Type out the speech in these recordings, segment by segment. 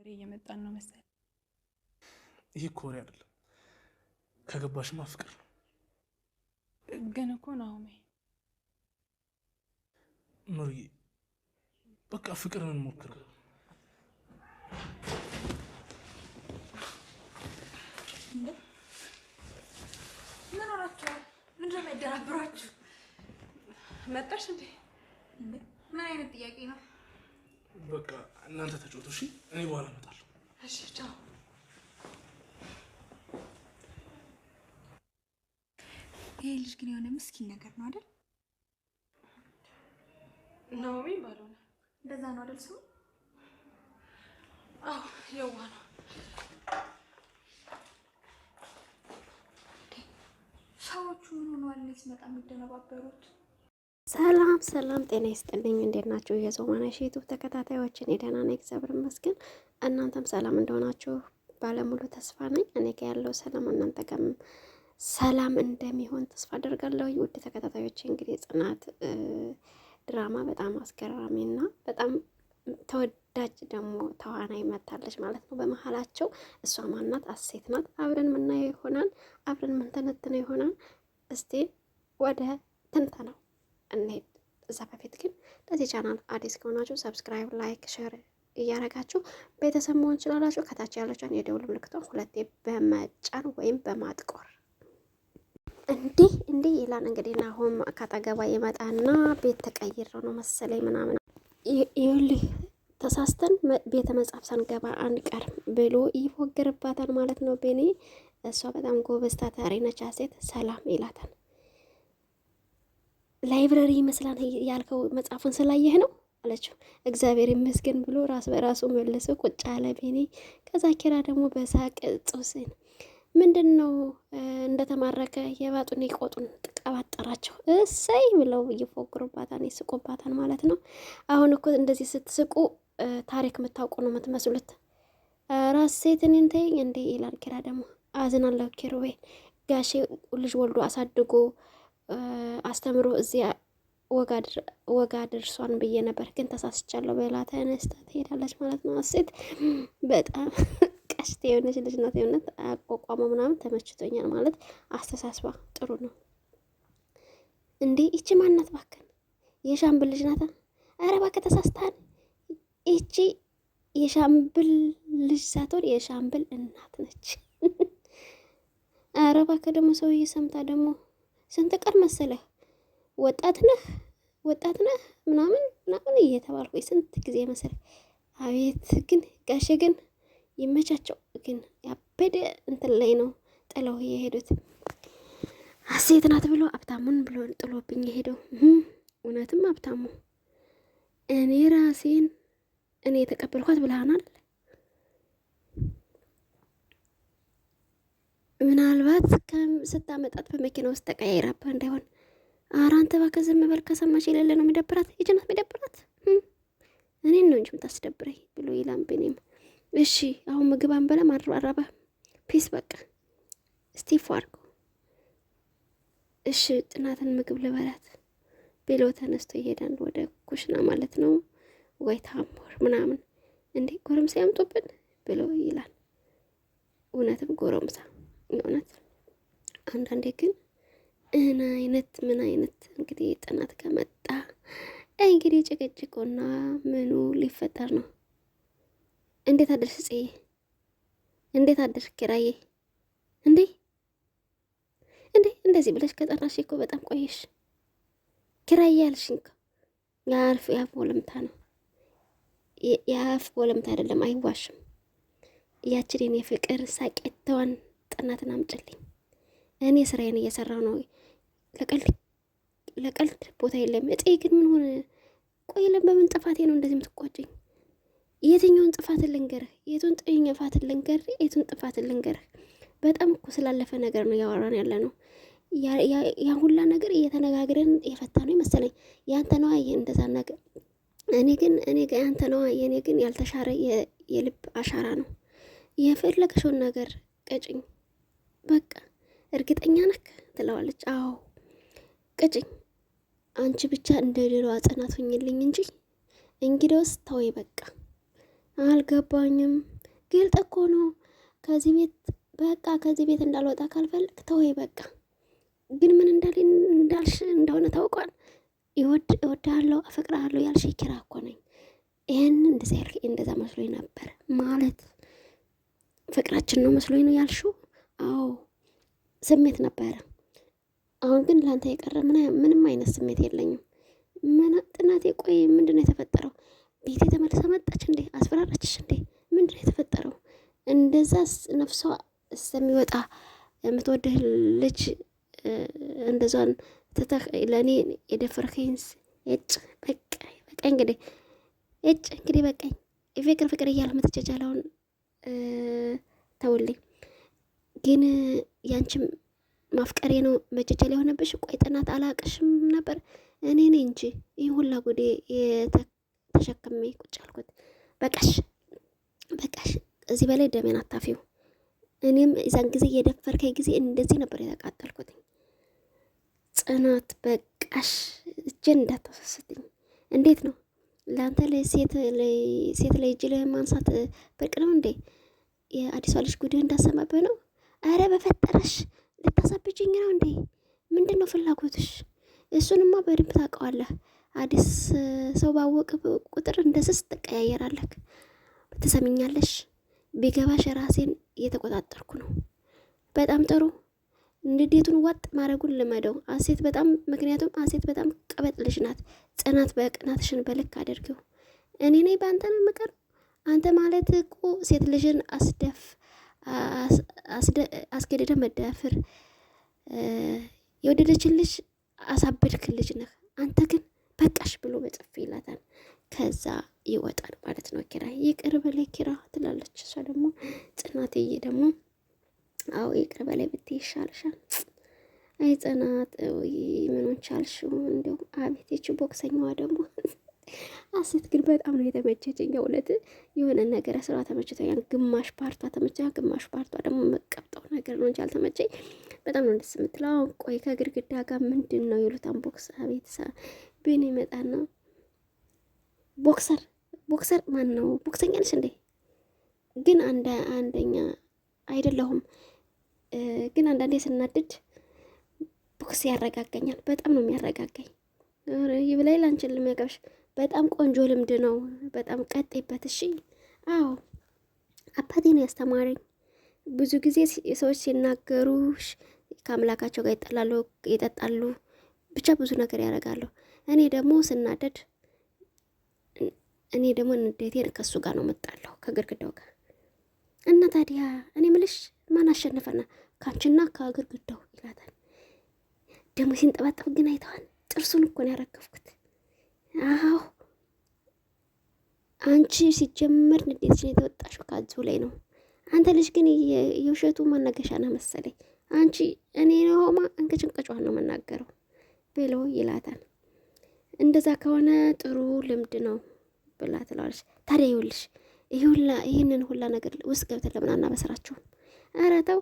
ወደ እየመጣን ነው መሰል። ይህ እኮ ወሬ አይደለም። ከገባሽማ ፍቅር ነው። ግን እኮ ናሆሜ ኑርዬ፣ በቃ ፍቅርን እንሞክረው። ምን ሆናችኋል? ምንድነው የሚያደናብሯችሁ? መጣሽ እንዴ? ምን አይነት ጥያቄ ነው? በቃ እናንተ ተጫወቱ፣ እሺ? እኔ በኋላ እመጣለሁ። እሺ፣ ቻው። ይሄ ልጅ ግን የሆነ ምስኪን ነገር ነው አይደል? ናኦሚ ባልሆነ እንደዛ ነው አይደል? ሰው አዎ፣ የዋ ነው። ሰዎቹ ምን ሆነዋል? እኔ ስመጣ የሚደነባበሩት ሰላም ሰላም፣ ጤና ይስጥልኝ። እንዴት ናችሁ? የዞማናሽ ዩቱብ ተከታታዮችን የደህና ነኝ፣ እግዚአብሔር ይመስገን። እናንተም ሰላም እንደሆናችሁ ባለሙሉ ተስፋ ነኝ። እኔ ጋ ያለው ሰላም እናንተ ጋም ሰላም እንደሚሆን ተስፋ አደርጋለሁ። ውድ ተከታታዮች እንግዲህ ጽናት ድራማ በጣም አስገራሚ አስገራሚና በጣም ተወዳጅ ደግሞ ተዋናይ መታለች ማለት ነው። በመሀላቸው እሷ ማናት? አሴት ናት። አብረን ምናየው ይሆናል፣ አብረን ምንተነትነው ይሆናል። እስቲ ወደ ትንተናው እንሄድ። እዛ በፊት ግን ለዚህ ቻናል አዲስ ከሆናችሁ ሰብስክራይብ፣ ላይክ፣ ሼር እያረጋችሁ ቤተሰብ መሆን ችላላችሁ። ከታች ያለችን የደውል ምልክቷን ሁለቴ በመጫን ወይም በማጥቆር እንዲህ እንዲህ ይላል። እንግዲህ ናሆም ካጠገባ ይመጣና ቤት ተቀይሮ ነው መሰለኝ ምናምን ይኸውልህ ተሳስተን ቤተ መጻፍ ሳንገባ አንቀርም ብሎ ይፎግርባታል ማለት ነው። ቤኔ እሷ በጣም ጎበዝ ታታሪ ነች ሴት ሰላም ይላታል። ላይብረሪ ይመስላል ያልከው መጽሐፉን ስላየህ ነው አለችው። እግዚአብሔር ይመስገን ብሎ ራስ በራሱ መለሰው ቁጭ አለ ቤኔ። ከዛ ኪራ ደግሞ በሳቅ ጾስን ምንድን ነው እንደተማረከ የባጡን የቆጡን ጥቀባጠራቸው እሰይ ብለው እየፎግሩባታን ይስቁባታን ማለት ነው። አሁን እኮ እንደዚህ ስትስቁ ታሪክ የምታውቁ ነው የምትመስሉት። ራስ ሴትን እንተይኝ እንዴ ይላል ኪራ ደግሞ። አዝናለሁ ኪሩቤል ጋሼ ልጅ ወልዶ አሳድጎ አስተምሮ እዚያ ወጋ ደርሷን ብዬ ነበር ግን ተሳስቻለሁ ብላ ተነስታ ትሄዳለች ማለት ነው። ሀሴት በጣም ቀስት የሆነች ልጅ ናት። የሆነት አቋቋመ ምናምን ተመችቶኛል ማለት አስተሳስባ ጥሩ ነው። እንዴ ይቺ ማናት? ባክን የሻምብል ልጅ ናት። አረ ይቺ የሻምብል ልጅ ሳትሆን የሻምብል እናት ነች። አረ እባክህ ደግሞ ሰውዬ ሰምታ ደግሞ ስንት ቀን መሰለህ ወጣት ነህ ወጣት ነህ ምናምን ምናምን እየተባልኩ ስንት ጊዜ መሰለህ። አቤት ግን ጋሼ ግን ይመቻቸው ግን ያበደ እንትን ላይ ነው ጥለው የሄዱት። ሀሴት ናት ብሎ አብታሙን ብሎ ጥሎብኝ የሄደው እውነትም አብታሙ እኔ ራሴን እኔ የተቀበልኳት ብልሃናል ምናልባት ስታመጣት በመኪና ውስጥ ተቀያይራባ እንዳይሆን። ኧረ አንተ እባክህ ዝም በል፣ የሌለ ነው የሚደብራት። የጭናት የሚደብራት እኔን ነው እንጂ የምታስደብረኝ ብሎ ይላም ብኔም እሺ አሁን ምግብ አንበላም፣ አራባ ፒስ በቃ ስቲፍ አርጎ እሺ ጭናትን ምግብ ልበላት ብሎ ተነስቶ ይሄዳል ወደ ኩሽና ማለት ነው። ወይ ታሞር ምናምን እንዴ ጎረምሳ ያምጡብን ብሎ ይላል። እውነትም ጎረምሳ የእውነት አንዳንዴ ግን እህን አይነት ምን አይነት እንግዲህ ጥናት ከመጣ እንግዲህ ጭቅጭቁና ምኑ ሊፈጠር ነው። እንዴት አደርሽ ጽዬ? እንዴት አደርሽ ኪራዬ? እንዴ እንዴ እንደዚህ ብለሽ ከጠራሽ እኮ በጣም ቆየሽ። ኪራዬ ያልሽኝ እኮ የአፍ ወለምታ ነው። የአፍ ወለምታ አይደለም፣ አይዋሽም። ያችን የኔ ፍቅር ሳቄተዋን ጥናትን አምጭልኝ። እኔ ስራዬን እየሰራሁ ነው። ለቀልድ ለቀልድ ቦታ የለም። እጤ ግን ምን ሆነ? ቆይ በምን ጥፋቴ ነው እንደዚህ የምትቆጭኝ የትኛውን ጥፋት ልንገርህ? የቱን ጥኝ ፋት ልንገርህ? የቱን ጥፋት ልንገርህ? በጣም እኮ ስላለፈ ነገር ነው እያወራን ያለ ነው። ያ ሁላ ነገር እየተነጋግረን የፈታ ነው ይመስለኝ። ያንተ ነዋ እንደዛ ነገር። እኔ ግን እኔ ያንተ ነዋ። እኔ ግን ያልተሻረ የልብ አሻራ ነው። የፈለግሽውን ነገር ቀጭኝ በቃ እርግጠኛ ነክ ትለዋለች። አዎ ቅጭኝ፣ አንቺ ብቻ እንደ ድሮ ጽናት ሆኝልኝ እንጂ እንግዲውስ ተወይ በቃ አልገባኝም። ግልጥ እኮ ነው። ከዚህ ቤት በቃ ከዚህ ቤት እንዳልወጣ ካልፈልግ ተወይ በቃ። ግን ምን እንዳልሽ እንደሆነ ታውቋል። እወድሃለሁ፣ አፈቅርሃለሁ ያልሽ ኪራ እኮ ነኝ። ይህን እንደዛ ያልከኝ እንደዛ መስሎኝ ነበር ማለት ፍቅራችን ነው መስሎኝ ነው ያልሽው አዎ ስሜት ነበረ። አሁን ግን ለአንተ የቀረ ምንም አይነት ስሜት የለኝም። ጥናቴ፣ ቆይ ምንድን ነው የተፈጠረው? ቤቴ ተመልሳ መጣች እንዴ? አስፈራራችሽ እንዴ? ምንድን ነው የተፈጠረው? እንደዛ ነፍሷ እስከሚወጣ የምትወድህ ልጅ እንደዛን ትተህ ለእኔ የደፈርከኝ እጭ በቃ በቃ እንግዲህ እጭ እንግዲህ በቃኝ። ፍቅር ፍቅር እያለ መተቻቻለውን ተውልኝ። ግን ያንቺም ማፍቀሬ ነው መጀጀል የሆነብሽ። ቆይ ጥናት አላቅሽም ነበር። እኔ እኔ እንጂ ይህ ሁላ ጉዴ ተሸክሜ ቁጭ አልኩት። በቃሽ በቃሽ፣ እዚህ በላይ ደሜን አታፊው። እኔም እዛን ጊዜ የደፈርከኝ ጊዜ እንደዚህ ነበር የተቃጠልኩት። ጽናት በቃሽ፣ እጄን እንዳታሳስትኝ። እንዴት ነው ለአንተ ሴት ላይ እጅ ላይ ማንሳት ብርቅ ነው እንዴ? የአዲሷ ልጅ ጉድህ እንዳሰማብህ ነው አረ በፈጠረሽ ልታሳብጭኝ ነው እንዴ? ምንድን ነው ፍላጎትሽ? እሱንማ በደንብ ታውቀዋለህ። አዲስ ሰው ባወቅ ቁጥር እንደ ስስ ትቀያየራለህ። ትሰምኛለሽ? ቢገባሽ ራሴን እየተቆጣጠርኩ ነው። በጣም ጥሩ። ንዴቱን ዋጥ ማድረጉን ልመደው። አሴት በጣም ምክንያቱም አሴት በጣም ቀበጥ ልጅ ናት። ጽናት በቅናትሽን በልክ አድርገው። እኔ ነኝ በአንተ ነው የምቀር። አንተ ማለት እኮ ሴት ልጅን አስደፍ አስገድደ መዳፈር የወደደችን ልጅ አሳበድክ ልጅ ነህ አንተ ግን በቃሽ ብሎ በጥፊ ይላታል። ከዛ ይወጣል ማለት ነው። ኪራ ይቅር በላይ ኪራ ትላለች። እሷ ደግሞ ጽናትዬ ደግሞ አዎ ይቅር በላይ ብት ይሻልሻል። አይ ጽናት ምኖች አልሽ እንዲሁም አቤት ይቺ ቦክሰኛዋ ደግሞ አሴት ግን በጣም ነው የተመቸችኝ። የእውነት የሆነ ነገር ስራ ተመችቶኛል። ግማሽ ፓርቷ ተመችቶኛል፣ ግማሽ ፓርቷ ደግሞ መቀብጠው ነገር ነው እንጂ አልተመቸኝ። በጣም ነው ደስ የምትለው። አሁን ቆይ ከግድግዳ ጋር ምንድን ነው ይሉታን ቦክስ ቤተሰብ ብን ይመጣና ቦክሰር ቦክሰር ማን ነው? ቦክሰኛ ነች እንዴ? ግን አንደ አንደኛ አይደለሁም ግን አንዳንዴ ስናድድ ቦክስ ያረጋጋኛል። በጣም ነው የሚያረጋጋኝ። ይብላይ ላንችን ልሚያቀብሽ በጣም ቆንጆ ልምድ ነው። በጣም ቀጤበት። እሺ። አዎ አባቴ ነው ያስተማረኝ። ብዙ ጊዜ ሰዎች ሲናገሩ ከአምላካቸው ጋር ይጠላሉ፣ ይጠጣሉ፣ ብቻ ብዙ ነገር ያደርጋሉ። እኔ ደግሞ ስናደድ እኔ ደግሞ ንዴቴን ከእሱ ጋር ነው መጣለሁ፣ ከግርግዳው ጋር እና ታዲያ እኔ ምልሽ ማን አሸነፈና ካንችና ከግርግዳው ይላታል። ደግሞ ሲንጠባጠብ ግን አይተዋል። ጥርሱን እኮ ነው ያረገፍኩት። አዎ አንቺ ሲጀመር ንዴትሽን የተወጣሽው ካዙ ላይ ነው። አንተ ልጅ ግን የውሸቱ መነገሻ ነው መሰለኝ። አንቺ እኔ ሆማ እንቅጭንቅጫዋን ነው የምናገረው ብሎ ይላታል። እንደዛ ከሆነ ጥሩ ልምድ ነው ብላ ትለዋለች። ታዲያ ይኸውልሽ ይህንን ሁላ ነገር ውስጥ ገብተን ለምን አናበስራችሁም? ኧረ ተው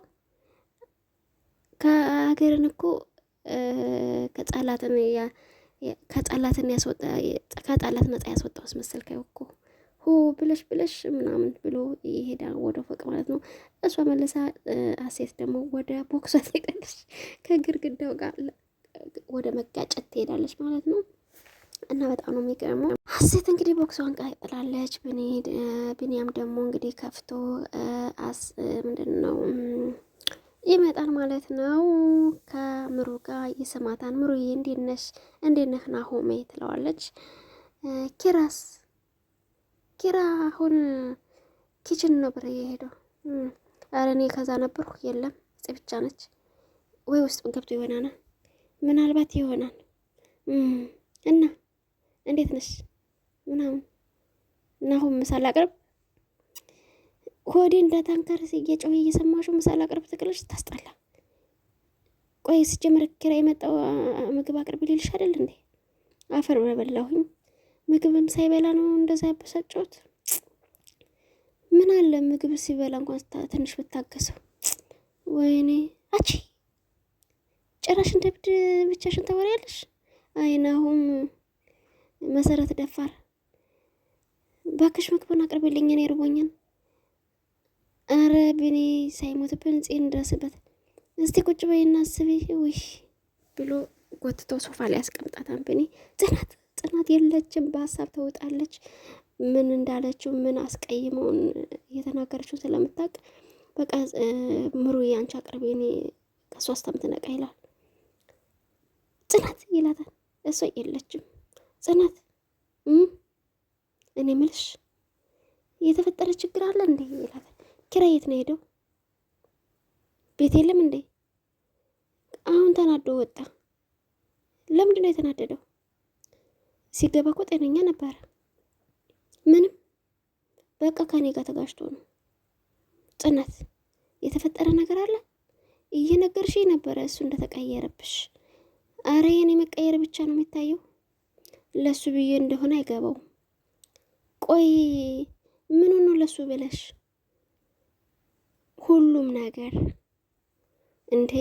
ከሀገርን እኮ ከጻላትን ያ ከጠላትን ያስወጣ ከጠላት ነጻ ያስወጣው አስመሰል እኮ ሆ ብለሽ ብለሽ ምናምን ብሎ ይሄዳ ወደ ፎቅ ማለት ነው። እሷ መለሳ አሴት ደግሞ ወደ ቦክሷ ትሄዳለች፣ ከግርግዳው ጋር ወደ መጋጨት ትሄዳለች ማለት ነው። እና በጣም ነው የሚገርመው። አሴት እንግዲህ ቦክሷን ቀጥላለች። ብንያም ደግሞ እንግዲህ ከፍቶ ምንድን ነው ይመጣል ማለት ነው። ከምሩ ጋር ይስማታን። ምሩዬ እንዴት ነሽ? እንዴት ነህ ናሆሜ ትለዋለች። ኪራስ ኪራ አሁን ኪችን ነበር የሄደው። ኧረ እኔ ከዛ ነበርኩ። የለም ጽ ብቻ ነች ወይ ውስጥ ገብቶ ይሆናል። ምናልባት ይሆናል እና እንዴት ነሽ ምናምን ናሁም ምሳሌ አቅርብ ሆዴ እንዳታንከርስ እየጮኸ እየሰማሽው ምሳ አቅርብ ትቅልሽ ታስጠላ። ቆይ ስጀምር ኪራይ የመጣው ምግብ አቅርብ ሊልሽ አይደል እንዴ? አፈር በበላሁኝ። ምግብም ሳይበላ ነው እንደዛ ያበሳጨሁት። ምን አለ ምግብ ሲበላ እንኳን ትንሽ ብታገሰው። ወይኔ አቺ ጭራሽ እንደ ብድ ብቻሽን ታወሪያለሽ። አይናሁም መሰረት ደፋር፣ ባክሽ ምግቡን አቅርብልኝ እኔ ርቦኛል። አረ ብኔ ሳይሞትብን ጽ እንደርስበት እስቲ ቁጭ በይ እናስብ ውይ ብሎ ጎትቶ ሶፋ ላይ ያስቀምጣታን። ብኔ ጽናት ጽናት የለችም፣ በሀሳብ ተውጣለች። ምን እንዳለችው ምን አስቀይመውን እየተናገረችው ስለምታውቅ በቃ ምሩ ያንቺ አቅርቤ እኔ ከሶስት አምት ይላል። ጽናት ይላታል። እሷ የለችም ጽናት እኔ ምልሽ የተፈጠረ ችግር አለ እንዴ ይላታል። ኪራ የት ነው ሄደው? ቤት የለም እንዴ? አሁን ተናዶ ወጣ። ለምንድን ነው የተናደደው? ሲገባ እኮ ጤነኛ ነበረ። ምንም በቃ ከኔ ጋር ተጋጭቶ ነው። ጽናት የተፈጠረ ነገር አለ እየነገርሽ ነበረ እሱ እንደተቀየረብሽ። አረ የኔ መቀየር ብቻ ነው የሚታየው ለሱ ብዬ እንደሆነ አይገባውም። ቆይ ምኑን ነው ለሱ ብለሽ ሁሉም ነገር እንዴ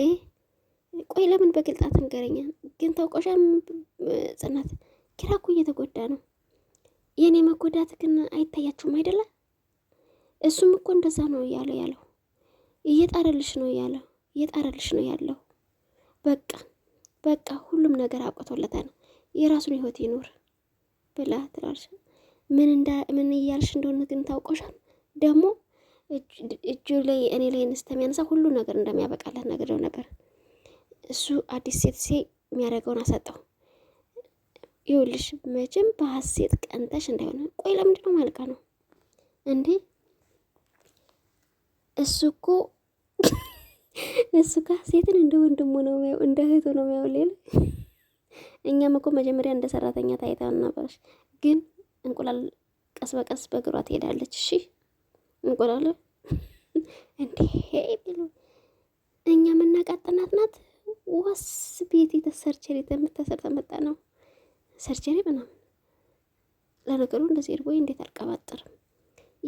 ቆይ ለምን በግልጽ አትንገረኛ? ግን ታውቆሻም ጽናት ኪራ እኮ እየተጎዳ ነው። የእኔ መጎዳት ግን አይታያችሁም አይደለ? እሱም እኮ እንደዛ ነው እያለ ያለው እየጣረልሽ ነው ያለው እየጣረልሽ ነው ያለው። በቃ በቃ ሁሉም ነገር አብቅቶለታል ነው የራሱን ህይወት ይኑር ብላ ትላለች። ምን እያልሽ እንደሆነ ግን ታውቆሻል ደግሞ እጁ ላይ እኔ ላይ የሚያነሳ ሁሉ ነገር እንደሚያበቃለት ነግሬው ነበር። እሱ አዲስ ሴት ሴ የሚያደርገውን አሰጠው። ይኸውልሽ መቼም በሀሴት ቀንተሽ እንዳይሆነ። ቆይ ለምንድን ነው ማልቃ ነው እንዴ? እሱ እኮ እሱ ከሀሴትን እንደ ወንድሙ ነው የሚያው፣ እንደ እህቱ ነው የሚያው። ሌላ እኛም እኮ መጀመሪያ እንደ ሰራተኛ ታይታ ነበረች፣ ግን እንቁላል ቀስ በቀስ በእግሯ ትሄዳለች። እሺ እንቆላለን እንዴ ቢሉ እኛ የምናቃጥናት ናት ዋስ ቤት የተሰርቸሪ የምታሰርተ መጣ ነው ሰርቸሪ ምናምን። ለነገሩ እንደዚህ እርቦ እንዴት አልቀባጥርም።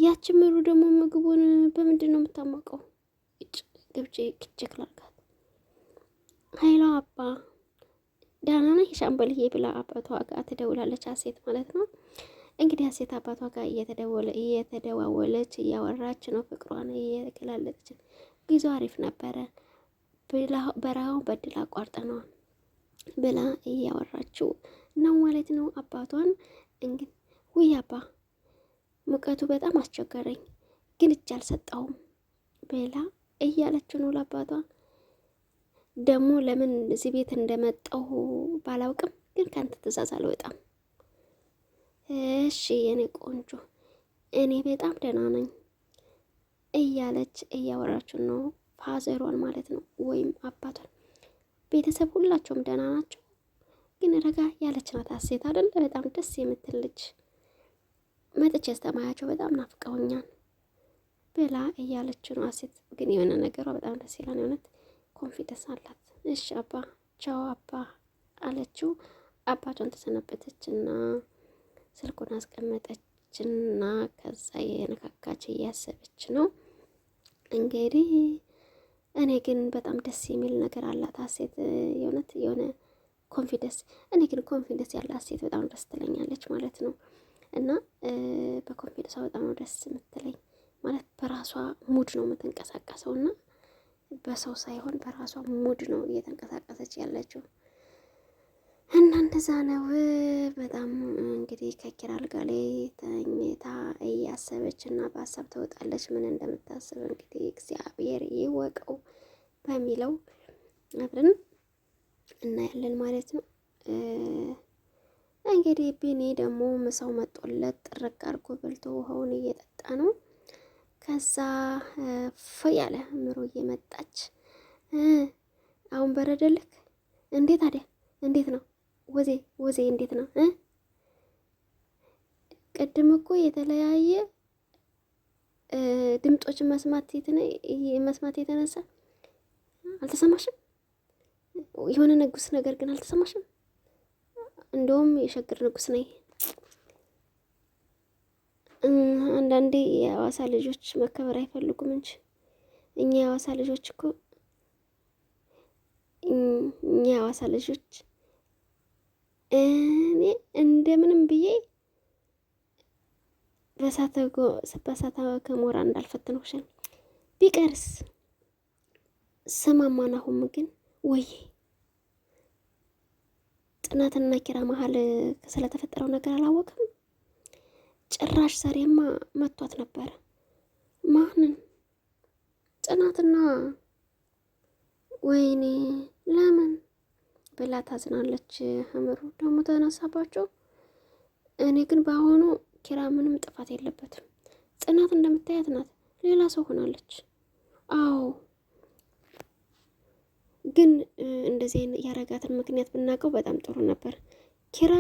ያች ምሩ ደግሞ ምግቡን በምንድን ነው የምታሟቀው? እጭ ግብጭ ክችክ ላርጋት ሀይሎ አባ ዳናና የሻምበልዬ ብላ አባቷ ጋር ትደውላለች። አሴት ማለት ነው እንግዲህ ሀሴት አባቷ ጋር እየተደወለ እየተደዋወለች እያወራች ነው። ፍቅሯን እየገላለጠች ነው። ጊዞ አሪፍ ነበረ፣ በረሃውን በድል አቋርጠ ነው ብላ እያወራችው ነው ማለት ነው። አባቷን እንግዲህ ውይ አባ ሙቀቱ በጣም አስቸገረኝ፣ ግን እጅ አልሰጠውም ብላ እያለችው ነው ለአባቷ። ደግሞ ለምን እዚህ ቤት እንደመጣሁ ባላውቅም፣ ግን ከአንተ ትእዛዝ አልወጣም እሺ የኔ ቆንጆ እኔ በጣም ደህና ነኝ እያለች እያወራችን ነው ፋዘሯን ማለት ነው ወይም አባቷን። ቤተሰብ ሁላቸውም ደህና ናቸው፣ ግን ረጋ ያለች ናት አሴት አይደል? በጣም ደስ የምትል ልጅ መጥቼ አስተማያቸው በጣም ናፍቀውኛል ብላ እያለች ነው አሴት። ግን የሆነ ነገሯ በጣም ደስ ይላል፣ የሆነት ኮንፊደንስ አላት። እሺ አባ ቻው አባ አለችው። አባቷን ተሰናበተች እና ስልኩን አስቀመጠችና ከዛ የነካካች እያሰበች ነው እንግዲህ። እኔ ግን በጣም ደስ የሚል ነገር አላት ሀሴት የእውነት የሆነ ኮንፊደንስ። እኔ ግን ኮንፊደንስ ያለ ሴት በጣም ደስ ትለኛለች ማለት ነው። እና በኮንፊደንሷ በጣም ነው ደስ የምትለኝ ማለት በራሷ ሙድ ነው የምትንቀሳቀሰው እና በሰው ሳይሆን በራሷ ሙድ ነው እየተንቀሳቀሰች ያለችው። እና እንደዛ ነው። በጣም እንግዲህ ከኪራ አልጋ ላይ ተኝታ እያሰበች እና በሀሳብ ተወጣለች። ምን እንደምታስብ እንግዲህ እግዚአብሔር ይወቀው በሚለው አብረን እናያለን ማለት ነው። እንግዲህ ቢኒ ደግሞ ምሳው መጦለት ጥርቅ አርጎ በልቶ ውሃውን እየጠጣ ነው። ከዛ ፍ ያለ ምሮ እየመጣች አሁን በረደልክ እንዴት ታዲያ እንዴት ነው ወዜ ወዜ እንዴት ነው? ቅድም እኮ የተለያየ ድምጦች መስማት የተነሳ አልተሰማሽም? የሆነ ንጉስ ነገር ግን አልተሰማሽም? እንደውም የሸግር ንጉስ ነኝ። አንዳንዴ የሐዋሳ ልጆች መከበር አይፈልጉም እንጂ እኛ የሐዋሳ ልጆች እኮ እኛ የሐዋሳ ልጆች እኔ እንደምንም ብዬ በሳተ ከሞራ እንዳልፈተንኩሽን ቢቀርስ ሰማማን አሁም ግን ወይ ጥናትና ኪራ መሀል ስለተፈጠረው ነገር አላወቅም። ጭራሽ ዛሬማ መቷት ነበረ። ማንን? ጥናትና ወይኔ ብላ ታዝናለች። እምሩ ደግሞ ተነሳባቸው። እኔ ግን በአሁኑ ኪራ ምንም ጥፋት የለበትም። ጽናት እንደምታያት ናት፣ ሌላ ሰው ሆናለች። አዎ ግን እንደዚህ ያረጋትን ምክንያት ብናውቀው በጣም ጥሩ ነበር። ኪራ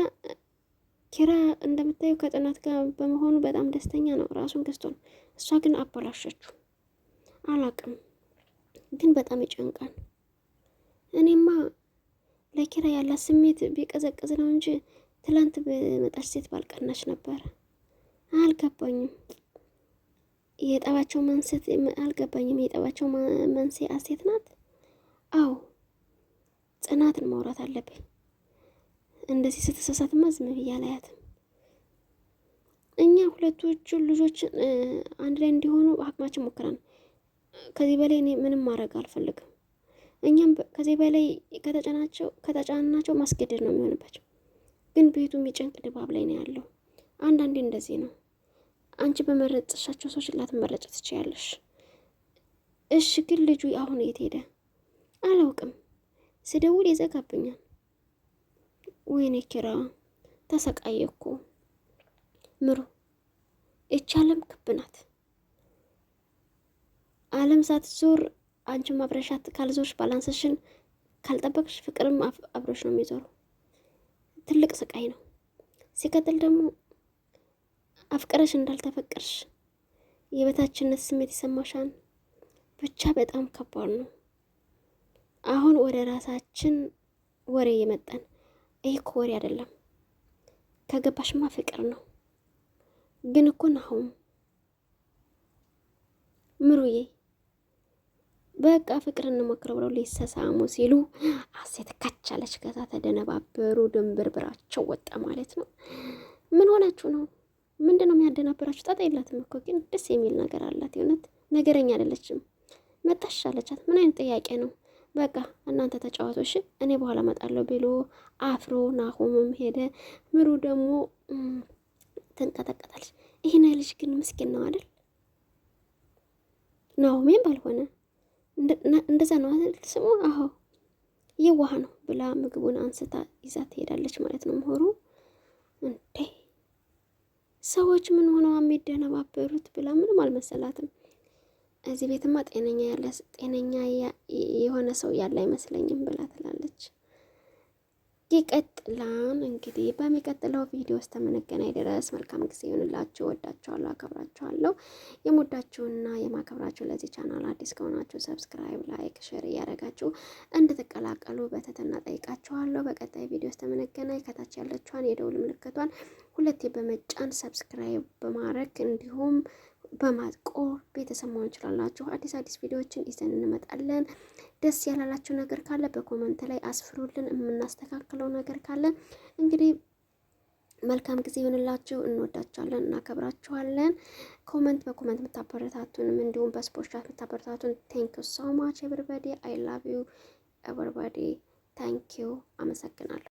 ኪራ እንደምታየው ከጽናት ጋር በመሆኑ በጣም ደስተኛ ነው፣ ራሱን ገዝቶ ነው። እሷ ግን አበላሸችው። አላቅም ግን በጣም ይጨንቃል። እኔማ ለኪራ ያላት ስሜት ቢቀዘቅዝ ነው እንጂ ትላንት በመጣች ሴት ባልቀናች ነበር። አልገባኝም የጠባቸው መንስኤ አልገባኝም። የጠባቸው መንስኤ አሴት ናት። አዎ ጽናትን ማውራት አለብኝ። እንደዚህ ስትሳሳትማ ዝም ብዬ አላያትም። እኛ ሁለቶቹ ልጆች አንድ ላይ እንዲሆኑ አቅማችን ሞክረን ከዚህ በላይ እኔ ምንም ማድረግ አልፈልግም። እኛም ከዚህ በላይ ከተጫናቸው ከተጫናቸው ማስገደድ ነው የሚሆንባቸው። ግን ቤቱ የሚጨንቅ ድባብ ላይ ነው ያለው። አንዳንዴ እንደዚህ ነው። አንቺ በመረጥሻቸው ሰዎች ላትመረጭ ትችያለሽ። እሽ፣ ግን ልጁ አሁን የት ሄደ? አላውቅም። ስደውል ይዘጋብኛል። ወይኔ ኪራ ተሰቃየ እኮ ምሩ። ይች አለም ክብ ናት። አለም ሳትዞር አንቺም አብረሻት ካልዞርሽ፣ ባላንስሽን ካልጠበቅሽ፣ ፍቅርም አብሮሽ ነው የሚዞሩ። ትልቅ ስቃይ ነው። ሲቀጥል ደግሞ አፍቅረሽ እንዳልተፈቀርሽ የበታችነት ስሜት ይሰማሻል። ብቻ በጣም ከባድ ነው። አሁን ወደ ራሳችን ወሬ የመጠን ይህ እኮ ወሬ አይደለም። ከገባሽማ ፍቅር ነው። ግን እኮ ናሁም ምሩዬ በቃ ፍቅር እንሞክር ብለው ሊሰሳሙ ሲሉ አሴት ከቻለች ከዛ ተደነባበሩ። ድንብርብራቸው ወጣ ማለት ነው። ምን ሆናችሁ ነው? ምንድን ነው የሚያደናበራችሁ? ጣጣ የላትም እኮ ግን ደስ የሚል ነገር አላት። የእውነት ነገረኛ አይደለችም። መጣሽ አለቻት። ምን አይነት ጥያቄ ነው? በቃ እናንተ ተጫዋቶች እኔ በኋላ መጣለሁ ብሎ አፍሮ ናሆምም ሄደ። ምሩ ደግሞ ትንቀጠቀጣለች። ይህን ልጅ ግን ምስኪን ነው አይደል ናሆሜም ባልሆነ እንደዛ ነው አይደል ስሙ? አዎ የዋህ ነው ብላ ምግቡን አንስታ ይዛ ትሄዳለች ማለት ነው። ምሁሩ እንዴ ሰዎች ምን ሆነው የሚደነባበሩት ብላ ምንም አልመሰላትም። እዚህ ቤትማ ጤነኛ ያለ ጤነኛ የሆነ ሰው ያለ አይመስለኝም ብላ ትላለች። ይቀጥላን። እንግዲህ በሚቀጥለው ቪዲዮ ውስጥ ተመነገናኝ ድረስ መልካም ጊዜ ይሆንላችሁ። ወዳችኋለሁ፣ አከብራችኋለሁ። የምወዳችሁና የማከብራችሁ ለዚህ ቻናል አዲስ ከሆናችሁ ሰብስክራይብ፣ ላይክ፣ ሼር እያደረጋችሁ እንድትቀላቀሉ በትህትና ጠይቃችኋለሁ። በቀጣይ ቪዲዮ ውስጥ ተመነገናኝ። ከታች ያለችዋን የደውል ምልክቷን ሁለቴ በመጫን ሰብስክራይብ በማድረግ እንዲሁም በማጥቆር ቤተሰብ መሆን ይችላላችሁ። አዲስ አዲስ ቪዲዮዎችን ይዘን እንመጣለን። ደስ ያላላችሁ ነገር ካለ በኮመንት ላይ አስፍሩልን፣ የምናስተካክለው ነገር ካለ እንግዲህ መልካም ጊዜ ይሆንላችሁ። እንወዳችኋለን፣ እናከብራችኋለን። ኮመንት በኮመንት የምታበረታቱንም እንዲሁም በስፖርት ቻት የምታበረታቱን ቴንክ ዩ ሶ ማች ኤቨሪባዲ አይ ላቭ ዩ ኤቨሪባዲ ታንክ ዩ። አመሰግናለሁ።